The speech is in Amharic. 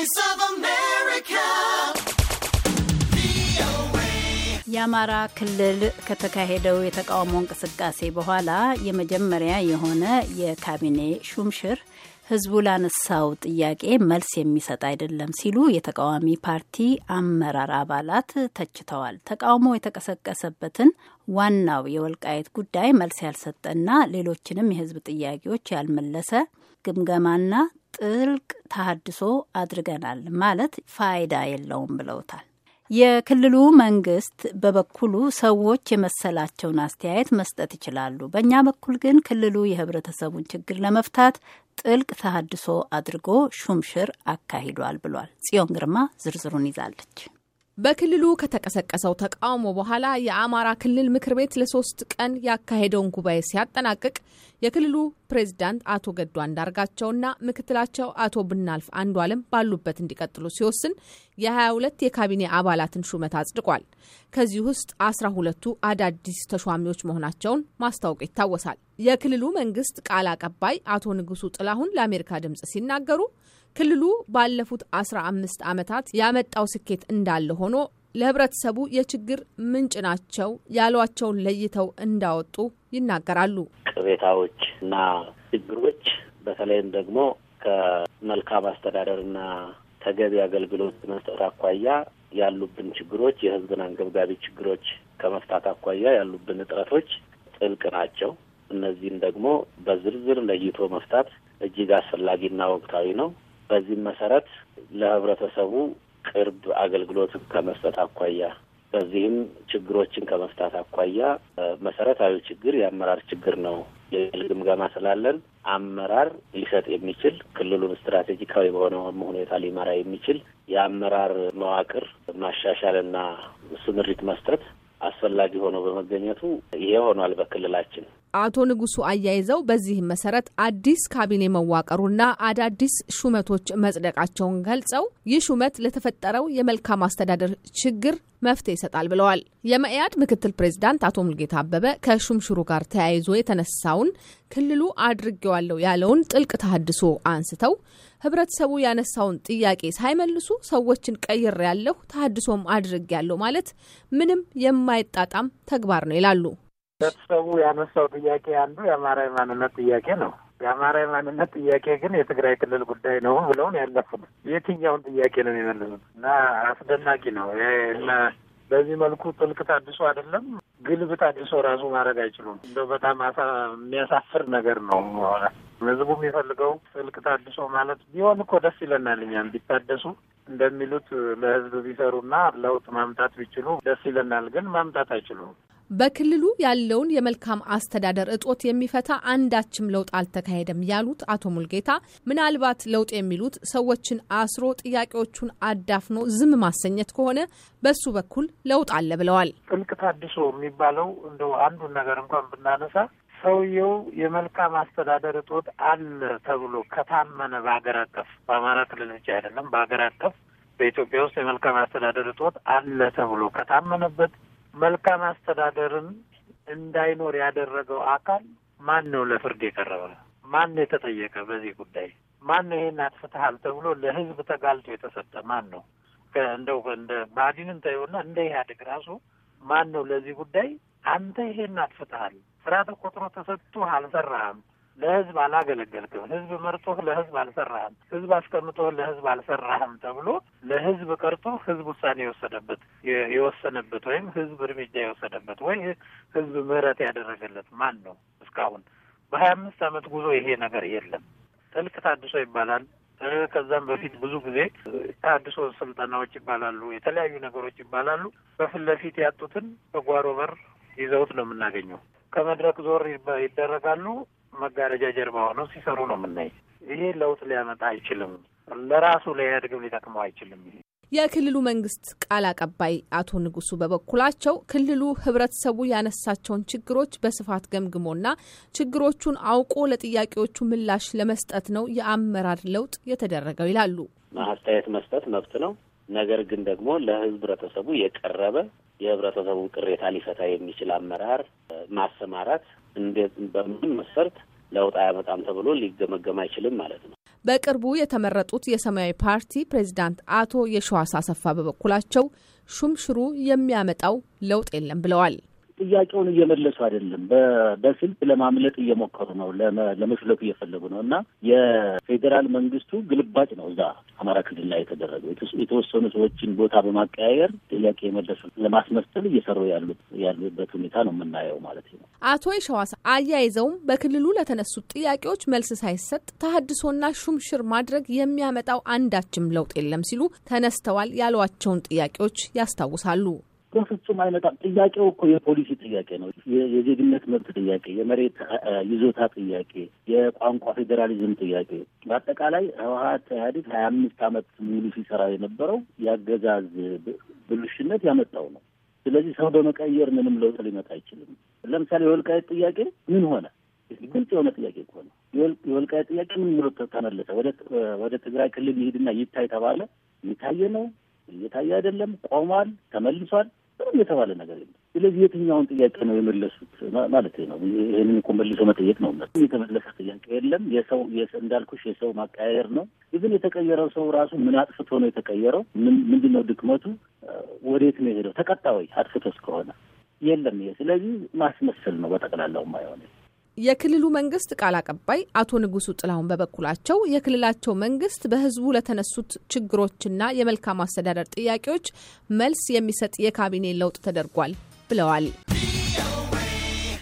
Voice of America. የአማራ ክልል ከተካሄደው የተቃውሞ እንቅስቃሴ በኋላ የመጀመሪያ የሆነ የካቢኔ ሹምሽር ህዝቡ ላነሳው ጥያቄ መልስ የሚሰጥ አይደለም ሲሉ የተቃዋሚ ፓርቲ አመራር አባላት ተችተዋል። ተቃውሞ የተቀሰቀሰበትን ዋናው የወልቃየት ጉዳይ መልስ ያልሰጠና ሌሎችንም የህዝብ ጥያቄዎች ያልመለሰ ግምገማና ጥልቅ ተሃድሶ አድርገናል ማለት ፋይዳ የለውም ብለውታል። የክልሉ መንግስት በበኩሉ ሰዎች የመሰላቸውን አስተያየት መስጠት ይችላሉ። በእኛ በኩል ግን ክልሉ የህብረተሰቡን ችግር ለመፍታት ጥልቅ ተሃድሶ አድርጎ ሹምሽር አካሂዷል ብሏል። ጽዮን ግርማ ዝርዝሩን ይዛለች። በክልሉ ከተቀሰቀሰው ተቃውሞ በኋላ የአማራ ክልል ምክር ቤት ለሶስት ቀን ያካሄደውን ጉባኤ ሲያጠናቅቅ የክልሉ ፕሬዚዳንት አቶ ገዱ አንዳርጋቸውና ምክትላቸው አቶ ብናልፍ አንዱ አለም ባሉበት እንዲቀጥሉ ሲወስን የ22 የካቢኔ አባላትን ሹመት አጽድቋል። ከዚህ ውስጥ 12ቱ አዳዲስ ተሿሚዎች መሆናቸውን ማስታወቅ ይታወሳል። የክልሉ መንግስት ቃል አቀባይ አቶ ንጉሱ ጥላሁን ለአሜሪካ ድምጽ ሲናገሩ ክልሉ ባለፉት አስራ አምስት ዓመታት ያመጣው ስኬት እንዳለ ሆኖ ለህብረተሰቡ የችግር ምንጭ ናቸው ያሏቸውን ለይተው እንዳወጡ ይናገራሉ። ቅሬታዎች እና ችግሮች በተለይም ደግሞ ከመልካም አስተዳደርና ተገቢ አገልግሎት መስጠት አኳያ ያሉብን ችግሮች፣ የህዝብን አንገብጋቢ ችግሮች ከመፍታት አኳያ ያሉብን እጥረቶች ጥልቅ ናቸው። እነዚህም ደግሞ በዝርዝር ለይቶ መፍታት እጅግ አስፈላጊና ወቅታዊ ነው። በዚህም መሰረት ለህብረተሰቡ ቅርብ አገልግሎትን ከመስጠት አኳያ በዚህም ችግሮችን ከመፍታት አኳያ መሰረታዊ ችግር የአመራር ችግር ነው የሚል ግምገማ ስላለን አመራር ሊሰጥ የሚችል ክልሉን ስትራቴጂካዊ በሆነ ሁኔታ ሊመራ የሚችል የአመራር መዋቅር ማሻሻልና ስምሪት መስጠት አስፈላጊ ሆኖ በመገኘቱ ይሄ ሆኗል። በክልላችን አቶ ንጉሱ አያይዘው በዚህ መሰረት አዲስ ካቢኔ መዋቀሩና አዳዲስ ሹመቶች መጽደቃቸውን ገልጸው ይህ ሹመት ለተፈጠረው የመልካም አስተዳደር ችግር መፍትሄ ይሰጣል ብለዋል። የመኢአድ ምክትል ፕሬዚዳንት አቶ ሙልጌታ አበበ ከሹምሽሩ ጋር ተያይዞ የተነሳውን ክልሉ አድርጌዋለሁ ያለውን ጥልቅ ተሃድሶ አንስተው ህብረተሰቡ ያነሳውን ጥያቄ ሳይመልሱ ሰዎችን ቀይር ያለሁ ተሃድሶም አድርጌ ያለሁ ማለት ምንም የማይጣጣም ተግባር ነው ይላሉ። ቤተሰቡ ያነሳው ጥያቄ አንዱ የአማራ የማንነት ጥያቄ ነው። የአማራ የማንነት ጥያቄ ግን የትግራይ ክልል ጉዳይ ነው ብለውን ያለፉት የትኛውን ጥያቄ ነው የመለሱት? እና አስደናቂ ነው እና በዚህ መልኩ ጥልቅ ታድሶ አይደለም ግልብ ታድሶ ራሱ ማድረግ አይችሉም። እንደው በጣም የሚያሳፍር ነገር ነው። ህዝቡ የሚፈልገው ጥልቅ ታድሶ ማለት ቢሆን እኮ ደስ ይለናል። እኛም ቢታደሱ እንደሚሉት ለህዝብ ቢሰሩና ለውጥ ማምጣት ቢችሉ ደስ ይለናል። ግን ማምጣት አይችሉም። በክልሉ ያለውን የመልካም አስተዳደር እጦት የሚፈታ አንዳችም ለውጥ አልተካሄደም ያሉት አቶ ሙልጌታ ምናልባት ለውጥ የሚሉት ሰዎችን አስሮ ጥያቄዎቹን አዳፍኖ ዝም ማሰኘት ከሆነ በሱ በኩል ለውጥ አለ ብለዋል። ጥልቅ ታድሶ የሚባለው እንደው አንዱን ነገር እንኳን ብናነሳ ሰውየው የመልካም አስተዳደር እጦት አለ ተብሎ ከታመነ በሀገር አቀፍ በአማራ ክልል ብቻ አይደለም፣ በሀገር አቀፍ በኢትዮጵያ ውስጥ የመልካም አስተዳደር እጦት አለ ተብሎ ከታመነበት መልካም አስተዳደርን እንዳይኖር ያደረገው አካል ማን ነው? ለፍርድ የቀረበ ማን ነው? የተጠየቀ በዚህ ጉዳይ ማን ነው? ይሄን አጥፍተሃል ተብሎ ለህዝብ ተጋልጦ የተሰጠ ማን ነው? እንደው እንደ ብአዴንን ተይውና እንደ ኢህአዴግ ራሱ ማን ነው ለዚህ ጉዳይ አንተ ይሄን አጥፍተሃል ስራ ተቆጥሮ ተሰጥቶ አልሰራህም ለህዝብ አላገለገልክም፣ ህዝብ መርጦህ ለህዝብ አልሰራህም፣ ህዝብ አስቀምጦህ ለህዝብ አልሰራህም ተብሎ ለህዝብ ቀርጦ ህዝብ ውሳኔ የወሰደበት የወሰነበት ወይም ህዝብ እርምጃ የወሰደበት ወይ ህዝብ ምህረት ያደረገለት ማን ነው? እስካሁን በሀያ አምስት አመት ጉዞ ይሄ ነገር የለም። ጥልቅ ታድሶ ይባላል። ከዛም በፊት ብዙ ጊዜ ታድሶ ስልጠናዎች ይባላሉ፣ የተለያዩ ነገሮች ይባላሉ። በፊት ለፊት ያጡትን በጓሮ በር ይዘውት ነው የምናገኘው። ከመድረክ ዞር ይደረጋሉ። መጋረጃ ጀርባ ሆነው ሲሰሩ ነው የምናይ። ይሄ ለውጥ ሊያመጣ አይችልም። ለራሱ ለኢህአዴግም ሊጠቅመው አይችልም። ይሄ የክልሉ መንግስት ቃል አቀባይ አቶ ንጉሱ በበኩላቸው ክልሉ ህብረተሰቡ ያነሳቸውን ችግሮች በስፋት ገምግሞና ችግሮቹን አውቆ ለጥያቄዎቹ ምላሽ ለመስጠት ነው የአመራር ለውጥ የተደረገው ይላሉ። አስተያየት መስጠት መብት ነው። ነገር ግን ደግሞ ለህብረተሰቡ የቀረበ የህብረተሰቡን ቅሬታ ሊፈታ የሚችል አመራር ማሰማራት እንዴት በምን መሰርት ለውጥ አያመጣም ተብሎ ሊገመገም አይችልም ማለት ነው። በቅርቡ የተመረጡት የሰማያዊ ፓርቲ ፕሬዚዳንት አቶ የሸዋስ አሰፋ በበኩላቸው ሹምሽሩ የሚያመጣው ለውጥ የለም ብለዋል። ጥያቄውን እየመለሱ አይደለም። በስልት ለማምለጥ እየሞከሩ ነው፣ ለመሽለቱ እየፈለጉ ነው። እና የፌዴራል መንግስቱ ግልባጭ ነው እዛ አማራ ክልል ላይ የተደረገው የተወሰኑ ሰዎችን ቦታ በማቀያየር ጥያቄ የመለሱ ለማስመሰል እየሰሩ ያሉት ያሉበት ሁኔታ ነው የምናየው ማለት ነው። አቶ የሸዋስ አያይዘውም በክልሉ ለተነሱት ጥያቄዎች መልስ ሳይሰጥ ተሀድሶና ሹምሽር ማድረግ የሚያመጣው አንዳችም ለውጥ የለም ሲሉ ተነስተዋል ያሏቸውን ጥያቄዎች ያስታውሳሉ። በፍጹም አይመጣም። ጥያቄው እኮ የፖሊሲ ጥያቄ ነው። የዜግነት መብት ጥያቄ፣ የመሬት ይዞታ ጥያቄ፣ የቋንቋ ፌዴራሊዝም ጥያቄ፣ በአጠቃላይ ህወሀት ኢህአዴግ ሀያ አምስት አመት ሙሉ ሲሰራ የነበረው የአገዛዝ ብልሽነት ያመጣው ነው። ስለዚህ ሰው በመቀየር ምንም ለውጥ ሊመጣ አይችልም። ለምሳሌ የወልቃየት ጥያቄ ምን ሆነ? ግልጽ የሆነ ጥያቄ እኮ ነው። የወልቃየት ጥያቄ ምን ምሮ ተመለሰ? ወደ ትግራይ ክልል ይሄድና ይታይ ተባለ። እየታየ ነው እየታየ አይደለም? ቆሟል? ተመልሷል? ምንም የተባለ ነገር የለም። ስለዚህ የትኛውን ጥያቄ ነው የመለሱት ማለት ነው? ይህንን እኮ መልሶ መጠየቅ ነው። የተመለሰ ጥያቄ የለም። የሰው እንዳልኩሽ የሰው ማቀያየር ነው። ግን የተቀየረው ሰው ራሱ ምን አጥፍቶ ነው የተቀየረው? ምንድን ነው ድክመቱ? ወዴት ነው የሄደው? ተቀጣ ወይ አጥፍቶ እስከሆነ የለም። ይሄ ስለዚህ ማስመሰል ነው በጠቅላላው ማይሆነ የክልሉ መንግስት ቃል አቀባይ አቶ ንጉሱ ጥላሁን በበኩላቸው የክልላቸው መንግስት በህዝቡ ለተነሱት ችግሮችና የመልካም አስተዳደር ጥያቄዎች መልስ የሚሰጥ የካቢኔ ለውጥ ተደርጓል ብለዋል።